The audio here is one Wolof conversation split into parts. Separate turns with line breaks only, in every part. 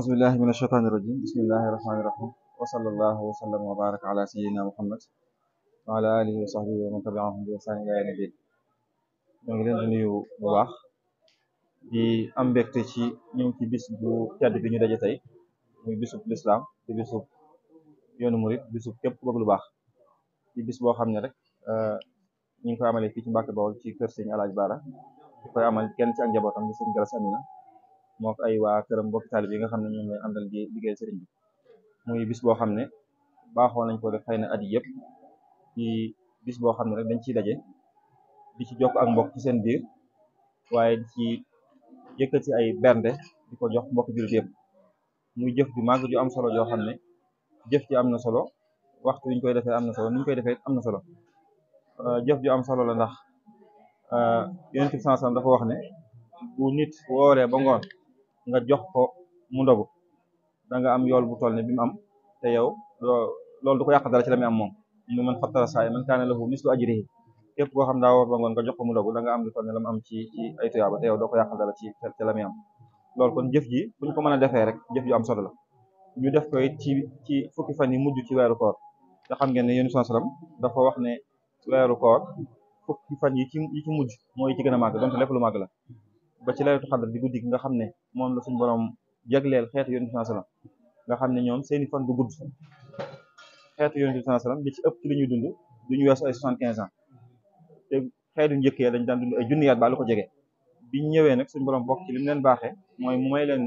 ahousubillahi min asheytani irajim bismillahi irahmaaniirahim wasalaallahu wasallam wa baraka ala sayidina muhammad wa ala alihi wa sahbihi wa man tabiahum bi ihsaan ila yawmi din ñoo ngi leen di nuyu bu baax di am mbégte ci ñu ci bis bu tedd bi ñu daje tey muy bisub lislaam di bisub yoonu murit bisub képp ku bëgg lu baax di bis boo xam ne rek euh, ñu ngi koy amale fii ci Mbàkke Bawol ci kër sëñ Alaaj Baara di koy amal kenn ci ak njabootam di sëñ Galas Amina moo ko ay waa këram mbokk taalibe yi nga xam ne ñoom lañ àndal di liggéey sëriñ bi muy bis boo xam ne baaxoon nañ ko def xëy na at yépp yëpp ci bis boo xam ne rek dañ ciy daje di ci jokk ak mbokk ci seen biir waaye di ci si ay bernde di ko jox mbokk jullit yëpp muy jëf ju màgg ju am solo joo xam ne jëf ji am na solo waxtu wi koy defee am na solo ni koy defee am na solo euh, jëf ju am solo la ndax euh, yonent bi sallallahu alayhi wasallam dafa wax ne bu nit wooree ba ngoon nga jox ko mu ndogu da nga am yool bu toll ne bi mu am te yow loolu du ko yàq dara ci la muy am moom mu man fattara saay man kaana lahu mislu ajrihi képp koo xam daa woor ba ngoon jox ko mu ndogu da nga am lu toll ne la mu am ci ci ay tuyaaba te yow doo ko yàq dara ci la muy am loolu kon jëf ji buñ ko mën a defee rek jëf ju am solo la ñu def koy ci ci fukki fan yi mujj ci weeru koor te xam ngeen ne yéen sallallahu alayhi wasallam dafa wax ne weeru koor fukki fan yi ci yi ci mujj mooy ci gën a màgg donte lépp lu màgg la ba ci laylatul xadr di guddi nga xam ne moom la suñu borom jagleel xeetu yonent bi sallallahu nga xam ne ñoom seeni fan bu gudd xeetu yoonu bi sallallahu bi ci ëpp ci li ñuy dund du ñu weesu ay soixante-quinze ans te xeetu njëkk ya dañ daan dund ay junniyaat ba lu ko jege biñ ñëwee nag suñu borom bokk ci lim leen baaxee mooy mu may leen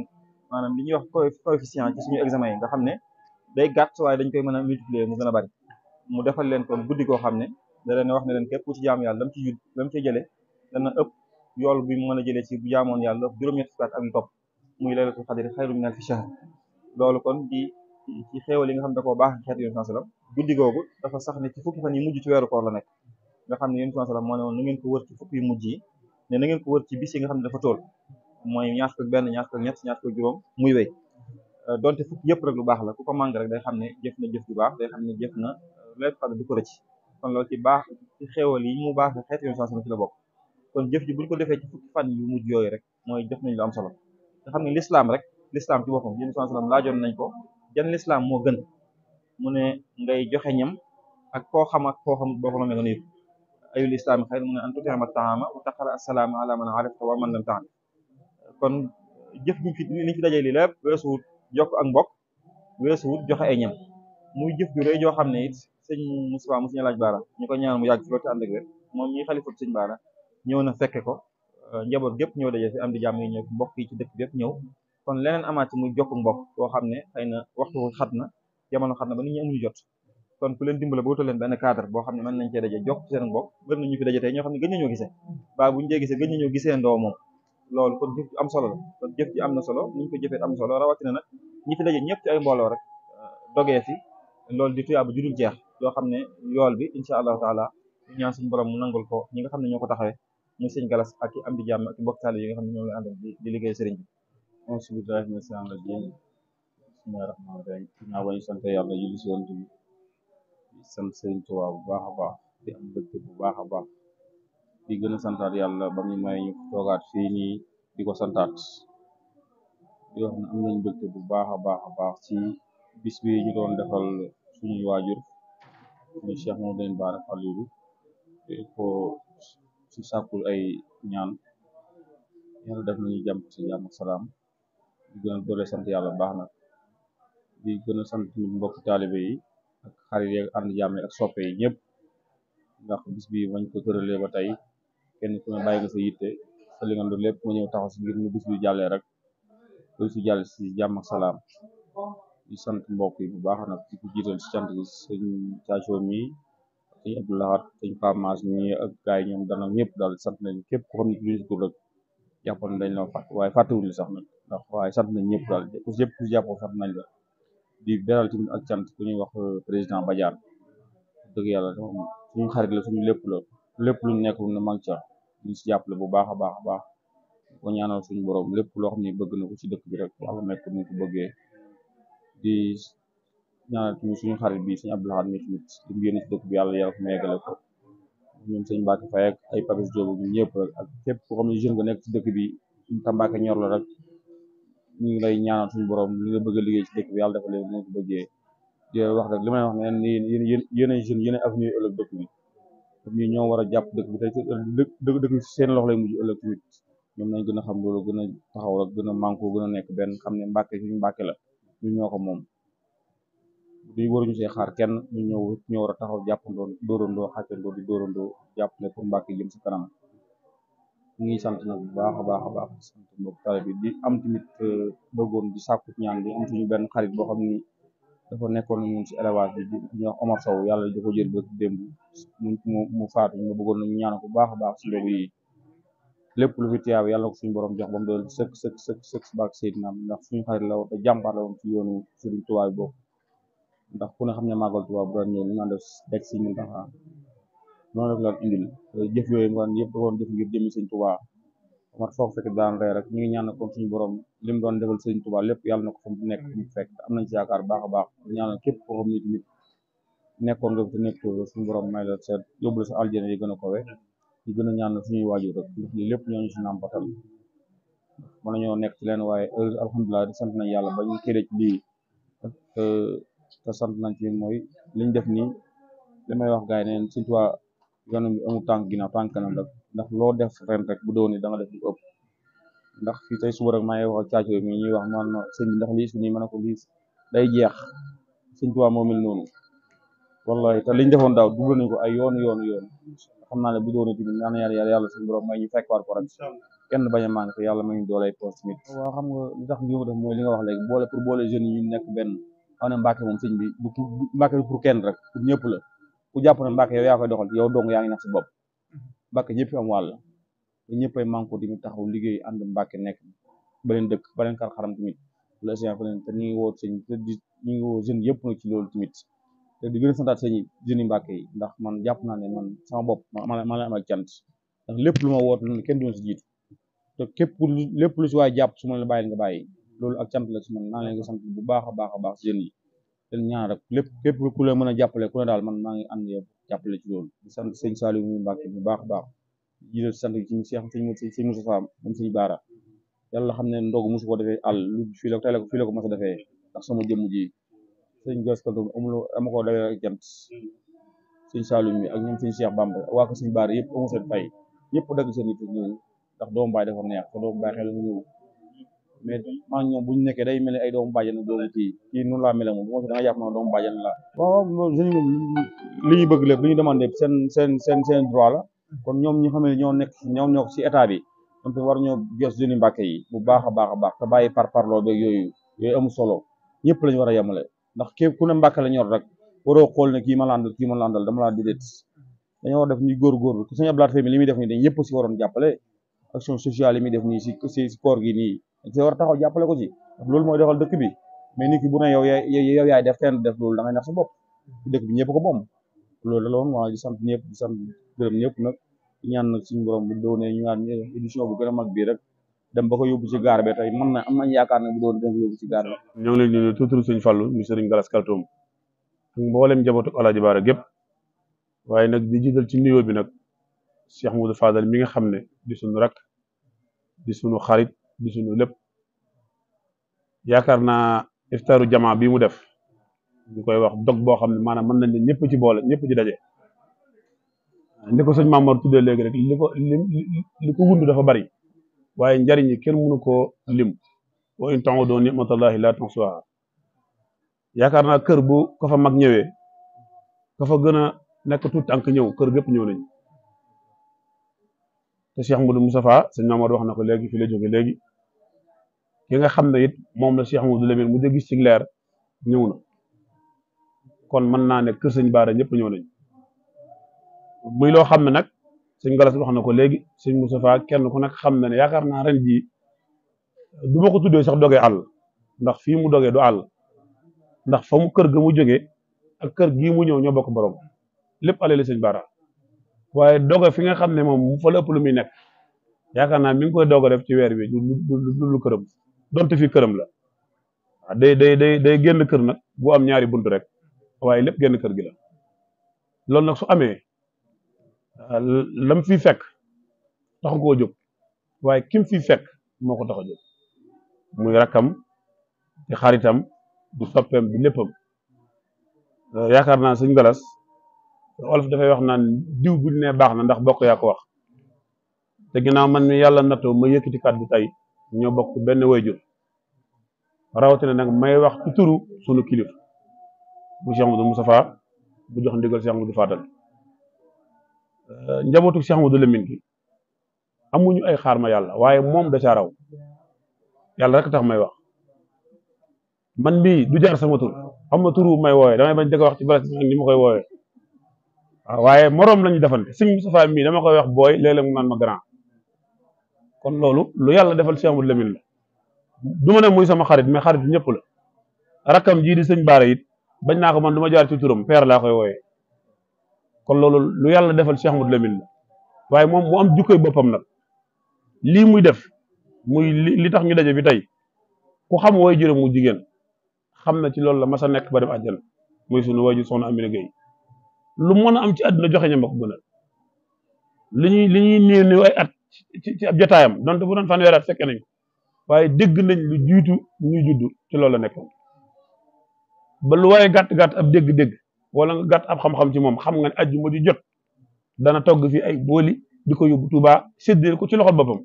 maanaam li ñuy wax coefficient ci suñu examen yi nga xam ne day gàtt waaye dañ koy mën a multiplier a bari mu defal leen kon guddi koo xam ne da leen wax ne leen képp ku ci yàlla lam ci yud yool bi mu mën a jëlee ci bu jaamoon yàlla juróom-ñetti fukki at ak lu topp muy laylatul xadri xayru di ci xéewal yi nga xam ne da koo baax xeet yonent sallam guddi googu dafa sax ne ci fukki fan yi ci weeru koor la nekk nga xam ne yonent sallam moo ne woon na ngeen ko wër ci fukki yu mujj yi ne na ngeen ko ne dafa tool mooy ñaar fukk benn ñaar fukk ñett ñaar fukk juróom muy wéy euh, donte fukki yëpp rek lu baax la ku ko màng rek day xam ne jëf na jëf bu baax day xam ne jëf na euh, laylatul xadri du ko rëcc kon loolu ci baax ci xéewal yi mu baax xeet yonent sallam ci la bokk kon jëf ji buñ ko defee ci fan yu mujj yooyu rek mooy def nañ lu am solo te xam ne lislaam rek lislaam ci boppam yéen sallallahu laajoon nañ ko jan lislaam moo gën mu ne ngay joxe ñam ak koo xam ak koo xamut boo ko mënee nga nuyu ayul islaam xëy mu ne an tut'ima man arafta wa kon jëf ñu fi liñ fi dajee li lépp weesuwut jokk ak mbokk weesuwut joxe ay ñam muy jëf ju rëy joo xam ne it sëñ Moussa mu suñu laaj baara ñu ko ñaan mu yàgg fi loolu te ànd ak wér moom ñi xalifa sëñ baara ñëw na fekke ko euh, njaboot gépp ñëw daje fi am di jàmm yi ñëw mbokk kii ci dëkk bépp ñëw kon leneen amaat ci muy jokk mbokk boo xam ne xëy na waxtu xat na jamono xat na ba nit ñi jot kon ku leen dimbale ba wutal leen benn cadre boo xam ne mën nañ cee daje jokk seen mbokk bëri na ñu fi daje tey ñoo xam ne gën nañoo gisee baa bu jee gisee gën nañoo gisee ndoo moom loolu kon jëf ju am solo la kon am na solo niñ ko jëfee am solo rawatina nag ñi fi daje ñëpp ci ay mbooloo rek euh, dogee fi loolu di tuyaa bu judul jeex loo xam ne yool bi incha allah taala ñaan suñu borom mu nangul ko ñi nga xam ne ñoo ko taxawee muy sëñ galas ak i am di jàmm ak i bokkaale yi nga xam ne ñoom la ànd di liggéey sëriñ bi auzu billaahi mina shaytaani rajiim bismillaahi rahmaani rahiim naa wañu sant yàlla sëriñ Tuubaa bu baax a baax di am bëgg bu baax a baax di gën a santaat yàlla ba mu may ñu toogaat fii nii di ko santaat di wax ne am nañ bëgg bu baax a baax a baax ci bis bi ñu doon suñuy waajur ñu Cheikh Mouhamadou Bara Fallilou ko ci sàkkul ay ñaan yàlla def nañu jàmm ci jàmm salaam di gëna doole sant yàlla baax na di gëna sant mbokk taalibe yi ak xarit yi ak ànd jàmm ak soppe yi ñëpp ndax bis bi bañ ko tëralee ba tey kenn ku ne bàyyi nga sa yitte sa li nga lépp nga ñëw taxaw si ngir ñu bis bi jàllee rek loolu si jàll si jàmm ak salaam di sant mbokk yi bu baax nag di ko jiital si cant gi sëñ caacoo mi sëñ Abdou Lahad sëñ Pamaas ñi ak gaay ñëpp daal sant nañ képp ko xam ne tudd tur la waaye fàttewuñ sax nag ndax waaye sant nañ ñëpp daal ku yëpp ku nañ la di beral tamit ak cant ku ñuy wax euh, président Badiane dëgg yàlla suñu xarit la suñu lépp la lépp lu nekk na mag ca ñu si jàppale bu baax a baax a baax ko ñaanal suñu borom lépp loo xam ne bëgg na ko ci dëkk bi rek yàlla nekk ni ko bëggee ñaanal tamit suñu xarit bi suñu Abdou Lahad mi tamit li mu yéene ci dëkk bi yàlla yàlla ko ñoom sëñ Mbacke Faye ay Papis ñëpp ak képp koo xam ne jeune nga nekk ci dëkk bi Tambacke ñor la rek ñu ngi lay ñaanal suñu borom li nga bëgg a liggéey ci dëkk bi yàlla dafa leen nga ko wax rek li may wax ne yéen yéen jeune yéen avenir ëllëg dëkk bi comme ñu ñoo war a jàpp dëkk bi tey dëkk dëkk seen loxo lay mujj ëllëg ñoom nañ gën a xam loolu gën a taxaw rek gën a manko gën a nekk benn xam ne Mbacke suñu Mbacke la ñu ñoo ko moom di waruñu see xaar kenn ñu ñëw ñu war a taxaw jàppandoo dóorandoo xàccandoo di dóorandoo jàpp ne pour mbaak jëm si kanam ñu ngi sant nag bu baax a baax a baax sant mbokk bi di am euh, bëggoon di ñaan bi suñu benn xarit boo xam ni dafa nekkoon ñun si élevage bi ñu wax Omar Sow yàlla da ko jël ba démb mu mu faat ñu bëggoon nañu ñaan bu baax a baax si mbokk yi lépp lu fi tiyaaw yàlla ko suñu borom jox ba mu doon sëkk sëkk sëkk sëkk si barke Seydina ndax suñu xarit la woon te jàmbaar la woon ci yoonu Sëriñ Tuubaa bokk ndax ku ne xam ne màggal Tuubaa bu daan ñëw li nga def teg si ñun dafa noonu la ko daan indil jëf yooyu nga yëpp jëf ngir jëmi sëñ Tuubaa mat foog fekk daan rey ñu ngi ñaan kon suñu borom lim doon defal sëñ Tuubaa lépp yàlla na ko fa nekk mu fekk am nañ ci yaakaar baax a baax képp koo xam ne tamit nekkoon nga te nekk suñ borom may la seet yóbbu la sa aljana yi gën a kowe di gën a ñaan suñuy waajur rek ndax lii lépp ñooñu si nàmpatal mën nañoo nekk ci leen waaye alhamdulilah di sant nañ yàlla ba ñu kéré te sant nañ ci mooy liñ def nii li may wax gaay yi neen Sëñ Tuubaa yoon bi amul tànk ginnaaw tànk kanam la ndax loo def ren rek bu doon da nga def ëpp ndax fii tey suba rek maa ngi wax ak caacoo mi ñuy wax man sëñ bi ndax lii su nii ma ne ko lii day jeex Sëñ Tuubaa moo mel noonu wallahi te liñ defoon daaw dugal nañ ko ay yoon yoon yoon xam naa ne bu doon tamit ñaan yàlla yàlla suñu borom may ñu fekk waat ko rek kenn bañ a manqué yàlla may ñu doolay post mit waaw xam nga li tax ñu mooy li nga wax léegi boole pour boole yi ñu nekk xam ne Mbàkke moom sëñ bi du Mbàkke du pour kenn rek pour ñëpp la ku jàpp ne Mbàkke yow yaa koy doxal yow dong yaa ngi nax sa bop Mbàkke ñëpp am wàll te ñëppay manko tamit taxaw liggéey ànd Mbàkke nekk baleen dëkk baleen kar xaram tamit la sëñ fa leen ñu ngi woo sëñ ñu ngi woo jeunes yëpp nag ci loolu tamit a santaat sëñ jeunes yi yi ndax man jàpp naa ne man sama bop man la am cant lépp lu ma woot na kenn du ma si jiitu lépp lu si waay jàpp suma la bàyyil nga bàyyi loolu ak cant la ci man maa leen sant bu baax a baax a baax jeunes yi ten ñaan rek lépp képp ku la mën a jàppale ku ne daal man maa ngi ànd yow jàppale ci loolu di sant sëñ Saliou muy Mbàkke bu baax a baax di leen sant ci sëñ sëñ Moussa Fall moom sëñ Baara yàlla xam ne ndogu mosu ko defee àll lu fii la tey la ko fii la ko mos a defee ndax sama jëmm ji sëñ Gass Kaltoum amul ama ko dawee ak jant sëñ Saliou mi ak ñoom sëñ Cheikh Bamba waa ko sëñ baar yëpp amu seen fay ñëpp dagg seen it ñëw ndax doomu baay dafa neex te doomu baay xel nga ñëw mais mhm. maa ñoom bu ñu nekkee day mel ni ay doomu bàjjen doomu kii ki noonu laa mel moom bu ma fi da nga jàpp na doomu bàjjen laa waaw jeune li ñu bëgg lépp li ñu demandé seen seen seen seen droit la kon ñoom ñu xam ne ñoo nekk ñoom ñoo si état bi ñoom tamit war ñoo jos jeune Mbàkke yi bu baax a baax baax te bàyyi par parloo beeg yooyu yooyu amul solo ñëpp lañu war a yemale ndax képp ku ne Mbàkke la ñor rek waroo xool ne kii ma landal kii ma landal dama laa déedéet dañoo war def ñuy góorgóorlu ku sañ ablaat fami li muy def nii dañ ñëpp si waroon jàppale action sociale yi muy def nii si si koor gi nii ci war a taxaw jàppale ko ci loolu mooy doxal dëkk bi mais nit ki bu ne yow yaay yow def kenn def loolu da ngay nax sa bopp dëkk bi ñëpp ko moom loolu la woon waaw di sant ñëpp di sant gërëm ñëpp nag ñaan nag suñu borom bu doonee ñu ñaan édition bu gën bii rek dem ba ko yóbbu ci gaar bi mën na am nañ yaakaar ne bu doon dem
yóbbu suñ fàllu mu sëriñ Galas Kaltoum mboolem njabootu Alaaji Baara gépp waaye nag di ci nuyoo bi nag Cheikh Moudou Fadal mi nga xam ne di suñu rak di suñu xarit gisuñu lépp yaakaar naa iftaaru jama bi mu def ñu koy wax dog boo xam ne maanaam mën nañ ne ñëpp ci boole ñëpp ci daje ni ko sëñ Mamour tuddee léegi rek li ko li ko wund dafa bari waaye njariñ yi kenn mënu ko lim wa in ta'udu ni'matallahi la tuhsuha yaakaar naa kër bu ka fa mag ñëwee ka fa gën a nekk tànk ñëw kër gépp ñëw nañ te Cheikh Modou Moustapha sëñ Mamour wax na ko léegi fi la léegi ki nga xam ne it moom la Cheikh Amadou Lamine mu gis ci leer ñëw na kon mën naa ne kër sëñ Baara ñëpp ñëw nañ muy loo xam ne nag sëñ Galas wax na ko léegi sëñ Moustapha kenn ku nag xam na ne yaakaar naa ren jii du ma ko tuddee sax dogee àll ndax fii mu dogee du àll ndax fa mu kër ga mu jóge ak kër gii mu ñëw ñoo bokk borom lépp la sëñ bara waaye doge fi nga xam ne moom fa la ëpp lu muy nekk yaakaar naa mi ngi koy doog a def ci weer wi du lu këram. donte fii këram la waaw day day day génn kër nag bu am ñaari bunt rek waaye lépp génn kër gi la loolu nag su amee ah, lam fi fekk taxu koo jóg waaye kim fi fekk moo ko tax a jóg muy rakkam di xaritam du soppeem bi léppam ah, yaakaar naa suñ galas olof dafay wax naan diw bu ñu nee baax na ndax bokk yaa ko wax te ginnaaw man mi yàlla nattoo ma yëkkati kàddu tey ñoo bokk benn wayjur rawatina nag may wax tu turu sunu kilifa bu Cheikh Amadou Moustapha bu jox ndigal Cheikh Amadou Fadal euh, njabootu Cheikh Amadou Lamine gi amuñu ay xaar ma yàlla waaye moom da caa raw yàlla rek tax may wax man mii du jaar sama tur am na turu may wooyee damay bañ di wax ci bala ni ma koy wooyee waaw waaye moroom lañu defante sëñ Moustapha mii dama koy wax booy léeg-léeg mu naan ma grand kon loolu lu yàlla defal Cheikh Amadou Lamine la du ma muy sama xarit mais xarit ñëpp la rakkam jii di sëñ baara it bañ naa ko man du ma jaar ci turam père laa koy wooyee kon loolu lu yàlla defal Cheikh Ahmadou Lamine la waaye moom mu am jukkoy boppam nag lii muy def muy li tax ñu daje bi tey ku xam way juróom mu jigéen xam na ci loolu la mas a nekk ba dem muy sunu wayju soxna Amina Gueye lu mën a am ci àdduna joxe ñam ak gënal li ñuy li ñuy néew néew ay at ci ci ab jotaayam donte bu doon fanweeri at fekke nañ ko waaye dégg nañ lu jiitu ñuy juddu ci loolu la nekkoon ba lu waaye gàtt gat ab dégg-dégg wala nga gàtt ab xam-xam ci moom xam nga ne ajjuma ju jot dana togg fi ay booli di ko yóbbu Tuubaa séddale ko ci loxol boppam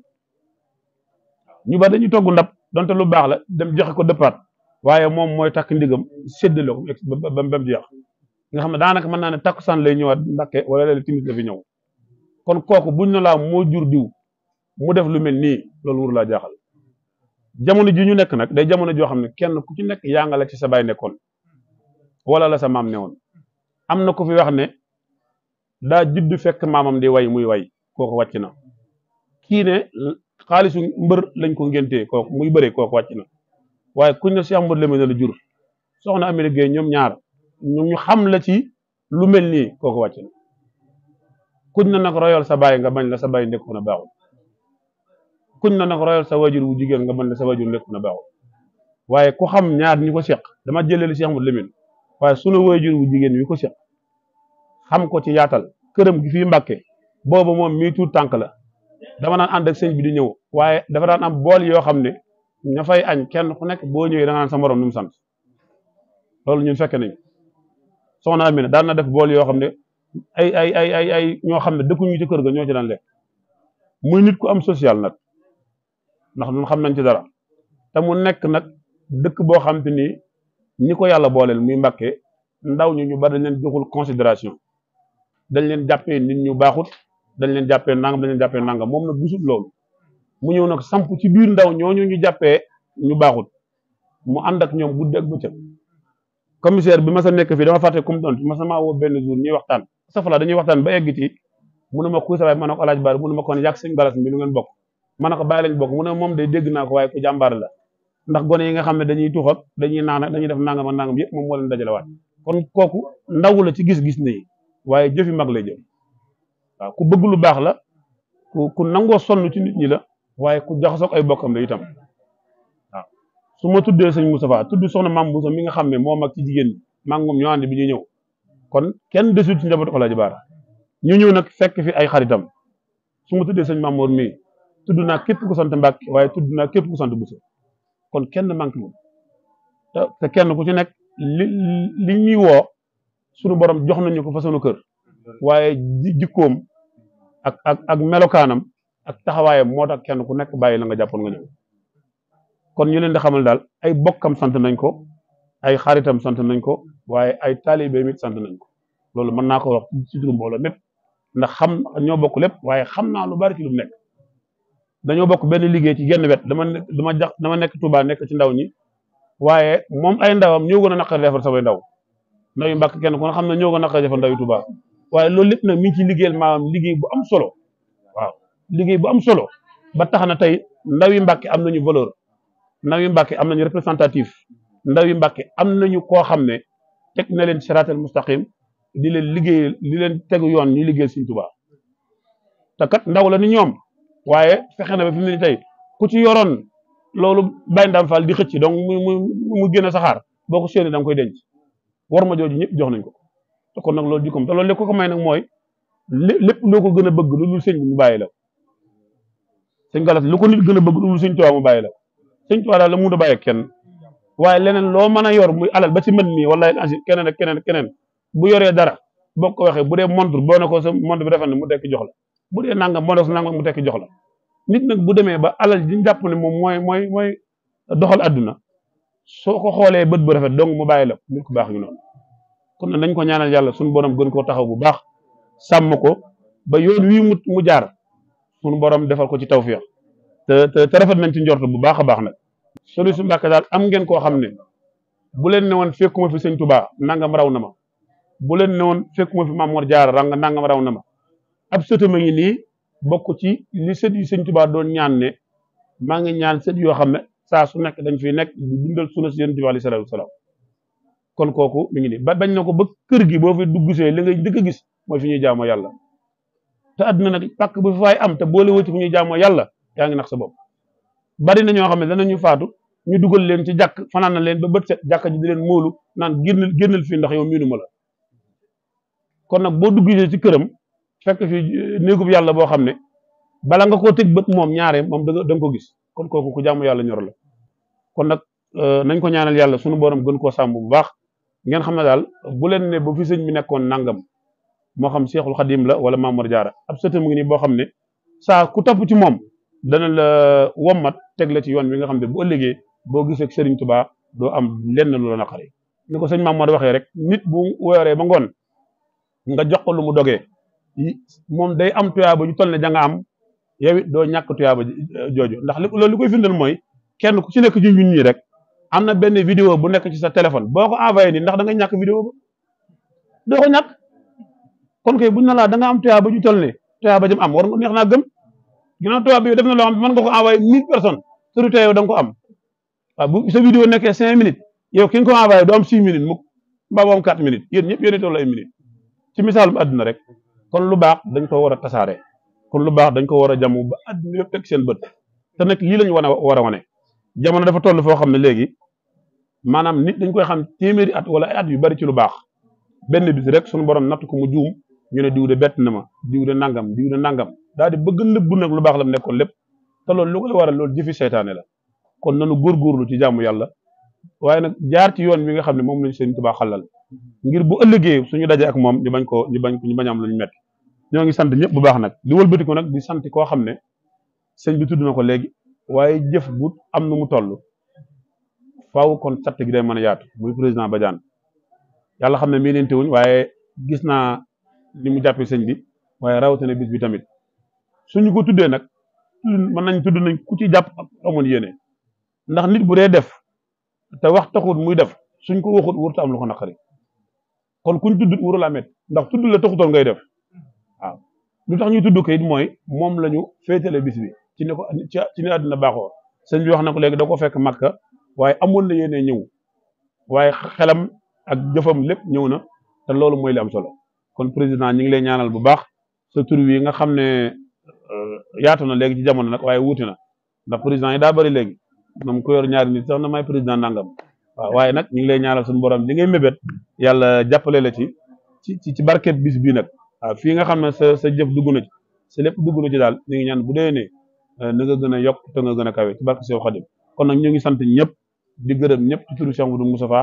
ñu ba dañuy togg ndab donte lu baax la dem joxe ko dëppaat waaye moom mooy takk ndigam séddale ko ba ba jeex nga xam ne daanaka mën naa ne takkusaan lay ñëwaat ndakke wala léeg-léeg timis la fi ñëw kon kooku bu ne moo jur diw mu def lu mel nii loolu wur laa jaaxal. jamono ji ñu nekk nag day jamono joo xam ne kenn ku ci nekk yaa nga la ci sa baay nekkoon wala la sa maam newoon am na ku fi wax ne daa judd fekk maam di way muy way ko wàcc na kii ne xaalisu mbër lañ ko ngéntee kooku muy bëree kooku wàcc na waaye kuñ ne si Mbodj Lamine la jur soxna Amady Gueye ñoom ñaar ñu ñu xam la ci lu mel nii ko wàcc na kuñ na nag royal sa baay nga bañ la sa baay nekkoon a baaxul kuñ na nag royal sa wajur wu jigéen nga mën ne sa wajur lekk na baaxul waaye ku xam ñaar ñi ko seq dama jëleli Cheikh Amadou Lamine waaye sunu wajur wu jigéen wi ko seq ko ci yaatal këram gi fii Mbàkke boobu moom mii tuut tànk la dama naan ànd ak sëñ bi di ñëw waaye dafa daan am bool yoo xam ne ña fay añ kenn ku nekk boo ñëwee da nga naan sa morom nu mu sant loolu ñun fekke nañ soxna Amina daan na def bool yoo xam ne ay ay ay ay ay ñoo xam ne dëkkuñu ci kër ga ñoo ci daan lekk muy nit ku am social nag ndax ñun xam nañ ci dara te mu nekk nag dëkk boo xam te ni ñi ko yàlla booleel muy Mbàkke ndaw ñu ñu bari dañ leen joxul considération dañ leen jàppee nit ñu baaxut dañ leen jàppee nanga dañ leen jàppee nangam moom nag gisul loolu mu ñëw nag samp ci biir ndaw ñoo ñu jàppee ñu baaxut mu ànd ak ñoom guddi ak bëccëg commissaire bi ma sa nekk fii dama fàtte comme doon ma sama woo benn jour ñuy waxtaan safala dañuy waxtaan ba egg ci mënuma kuy sawaay ma ne alaaj baar mënuma kon ma ne ko bàyyi lañ bokk mu ne moom day dégg naa ko waaye ku jàmbaar la ndax gone yi nga xam ne dañuy tuux dañuy naan ak dañuy def nangam ak nangam yëpp moom moo leen dajalewaat kon kooku ndaw la ci gis-gis nii waaye jëfi mag lay jëm waaw ku bëgg lu baax la ku ku nangoo sonn ci nit la waaye ku jaxasoog ay bokkam la itam waaw su ma tuddee sëñ Moustapha tudd soxna maam Moussa mi nga xam ne moo mag ci jigéen ñi maa ngi bi ñuy ñëw kon kenn desul ci njabootu El Hadj Baara ñu ñëw na fekk fi ay xaritam su ma tuddee sëñ Mamour mii tudd na képp ku sant Mbàkke waaye tudd naa képp ku sant Buso kon kenn manqué wul te kenn ku ci nekk li li ñuy woo sunu borom jox nañu ko fa sunu kër waaye jikkoom ak ak ak melokaanam ak taxawaayam moo tax kenn ku nekk bàyyi la nga jàppoon nga kon ñu leen di xamal daal ay bokkam sant nañ ko ay xaritam sant nañ ko waaye ay taalibeem it sant nañ ko loolu mën naa ko wax ci turu mbooloo mépp ndax xam ñoo bokk lépp waaye xam naa lu bari ci nekk. dañoo bokk benn liggéey ci genn wet dama jax dama nekk Touba nekk ci ndaw ñi waaye moom ay ndawam ñoo gën a naqar defar samay ndaw ndaw yu Mbàkke kenn ku ne xam ne ñoo gën a naqar defar ndaw yu Touba waaye loolu lépp nag mi ngi ci liggéeyal maanaam liggéey bu am solo waaw liggéey bu am solo ba tax na tey ndaw yu Mbàkke am nañu valeur ndaw yu Mbàkke am nañu représentatif ndaw yu Mbàkke am nañu koo xam ne teg na leen siraatal mustaqim di leen liggéeyal di leen tegu yoon ñu liggéeyal Sëriñ Touba te ndaw la ni ñoom waaye fexe na ba fi mu tey ku ci yoroon loolu bàyyi ndam faal di xëcc donc mu mu mu génn saxaar boo ko séenee da koy denc war ma jooju ñëpp jox nañ ko te nag loolu jikkoom te loolu lépp ko ko may nag mooy lépp loo ko gën a bëgg lu dul bàyyi la sëñ galas lu ko gën a bëgg lu dul sëñ tuwaa mu bàyyi la sëñ tuwaa la mu da kenn waaye leneen loo mën a yor mu alal ba ci mën mii wallahi ansi keneen ak keneen keneen bu yoree dara boo ko waxee bu dee montre boo ne ko sa montre bi rafet na mu dekk jox la bu dee nangam boo def nangam mu tekki jox nit nag bu demee ba alal ji ñu jàpp ne moom mooy mooy mooy doxal àdduna soo ko xoolee bët bu rafet dong mu bàyyi la nit ku baax ñu noonu kon nag dañ ko ñaanal yàlla suñu borom gën koo taxaw bu baax sàmm ko ba yoon wii mu mu jaar suñu borom defal ko ci taw te te te nañ ci njort bu baax a baax nag. solution Mbàkke daal am ngeen koo xam ne bu leen ne woon fekkuma fi sëñ Touba nangam raw na ma bu leen ne woon fekkuma fi Mamour Diarra nangam raw na ma. ab sëtam a ngi nii bokk ci li sët yu sëñ Tuubaa doon ñaan ne maa ngi ñaan sët yoo xam ne saa su nekk dañ fi nekk di dundal sunna si Yonent bi alayhi salaatu kon kooku mi ngi nii ba bañ na ko ba kër gi boo fi dugg see li ngay dëkk gis mooy fi ñuy jaamoo yàlla te àdduna nag pàkk bu fi am te boole woo ci fi ñuy jaamoo yàlla yaa ngi nax sa bopp bari na ñoo xam ne danañu faatu ñu dugal leen ci jàkk fanaan na leen ba bët set jàkk ji di leen móolu naan génnal fi fii ndax yow miinu ma la kon nag boo duggee ci këram fekk fi eh, néegub yàlla boo xam ne bala nga koo tëj bët moom ñaare moom da danga ko gis kon ko ku jaamu yàlla ñor la kon nag eh, nañ ko ñaanal yàlla sunu borom gën koo sàmm bu baax ngeen xam ne daal bu leen ne bu fi sëñ nekkoon nangam moo xam Seexul Xadim la wala Mamour Diarra ab sëtam ngi nii boo xam ne saa ku topp ci moom dana la wommat teg la ci yoon bi nga xam ne bu ëllëgee boo gisee ak Serigne Touba doo am lenn lu la naqari ni ko sëñ Mamour waxee rek nit bu wooree ba ngoon nga jox ko lu mu dogee. moom day am tuyaaba ju toll da nga am yow it doo ñàkk tuyaaba euh, jooju ndax li loolu koy firndeel mooy kenn ku ci nekk ci ñun ñi rek am na benn vidéo bu nekk ci sa téléphone boo ko envoyé nii ndax da nga ñàkk vidéo doo ko ñàkk kon kay buñ na laa da nga am tuyaaba ju toll ne tuyaaba jëm am war nga neex naa gëm ginnaaw tuyaaba yow def na loo xam mën nga ko envoyé mille personnes surtout yow da nga ko am waaw bu sa vidéo nekkee cinq minutes yow ki ko envoyé doo am six minutes mukk mbaa boo am minutes yéen ñëpp yéen a toll kon lu baax dañ ko war a tasaare kon lu baax dañ ko war a jamu ba àdduna yëpp teg seen bët te nag lii lañ wane war a wane jamono dafa toll foo xam ne léegi maanaam nit dañ koy xam téeméeri at wala at yu bari ci lu baax benn bis rek sunu borom natt ko mu juum ñu ne diw de bett na ma diw de nangam diw de nangam daal di bëgg nëbbu nag lu baax la mu nekkoon lépp ta loolu lu koy lool loolu seytaane la kon nanu góorgóorlu ci jaamu yàlla waaye nag jaar ci yoon bi nga xam ne moom lañ seen Tuubaa xalal ngir bu ëllëgee suñu dajee ak moom ñu bañ ko ñu bañ ñu bañ am lu ñu metti ñoo ngi sant ñëpp bu baax nag di wëlbati ko nag di sant koo xam ne sëñ bi tudd ko léegi waaye jëf am nu mu toll faaw kon sant gi day mën a yaatu muy président Badiane yàlla xam ne miinente wuñ waaye gis naa li mu jàppee sëñ bi waaye rawatina bis bi tamit suñu ko tuddee nag mën nañ tudd nañ ku ci jàpp amoon yéene ndax nit bu dee def te wax taxut muy def suñ ko waxut wurtu am lu ko naqari kon kuñ tudd wurul a met ndax tudd la taxutoon ngay def a lu tax ñuy tudd kayit mooy moom la ñu féetale bis bi ci ne ko ci ne àddina baaxoo sëñ bi wax na ko léegi da ko fekk Makka waaye amoon na yéene ñëw waaye xelam ak jëfam lépp ñëw na te loolu mooy li am solo kon président ñi ngi lay ñaanal bu baax sa tur wi nga xam ne euh, yaatu na léegi ci jamono nag waaye wuuti na ndax président yi daa bari léegi moom ku yor ñaari nit sax na may président nangam waaw waaye nag ñu ngi lay ñaanal suñu borom li ngay mébét yàlla jàppale la ci ci ci barket bis bii nag fi nga xam ne sa sa jëf dugg na ci sa lépp dugg ci daal ñu ngi ñaan bu dee ne euh, na gën a yokk te gën a kawe ci barke Seex Xadim kon nag ñu ngi sant ñëpp di gërëm ñëpp ci turu Cheikh Moudou Moustapha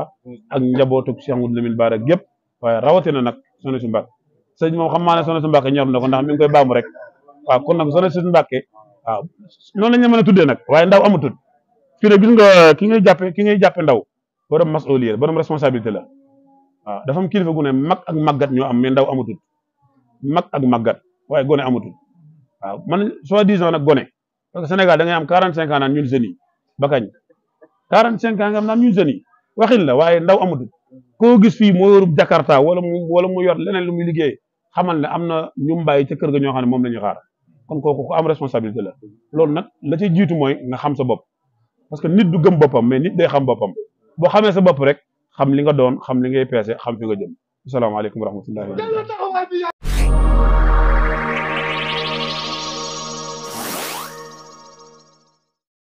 ak njabootu Cheikh Moudou Lamine Bara gépp waaye rawatina nag Soxna si Mbàkke sëñ moom xam maa ne Soxna si Mbàkke ñor na ko ndax mi ngi koy baamu rek waaw kon nag Soxna si Mbàkke waaw noonu la ñu mën a tuddee nag waaye ndaw amatul fii nag gis nga ki ngay jàppe ki ngay jàppe ndaw borom masuliya la borom responsabilité la waaw am kilifa gu ne mag ak màggat ñoo am mais ndaw amatul mag ak màggat waaye gone amatul waaw man soo disons nag gone parce que Sénégal da am 45 ans naan ñun jeunes yi ba kañ am naan ñun jeunes yi la waaye ndaw amatul koo gis fi moo yorub Jakarta wala mu wala mu yor leneen lu muy liggéey xamal ne am na ñu mbàyyi ca kër ga ñoo xam ne moom la ñu xaar kon kooku ko am responsabilité la loolu nag la ci jiitu mooy nga xam sa bopp parce que nit du gëm boppam mais nit day xam boppam. boo xamee sa bopp rek xam li nga doon xam li ngay peese xam fi nga jëm asalaamaaleykum wa rahmatullahi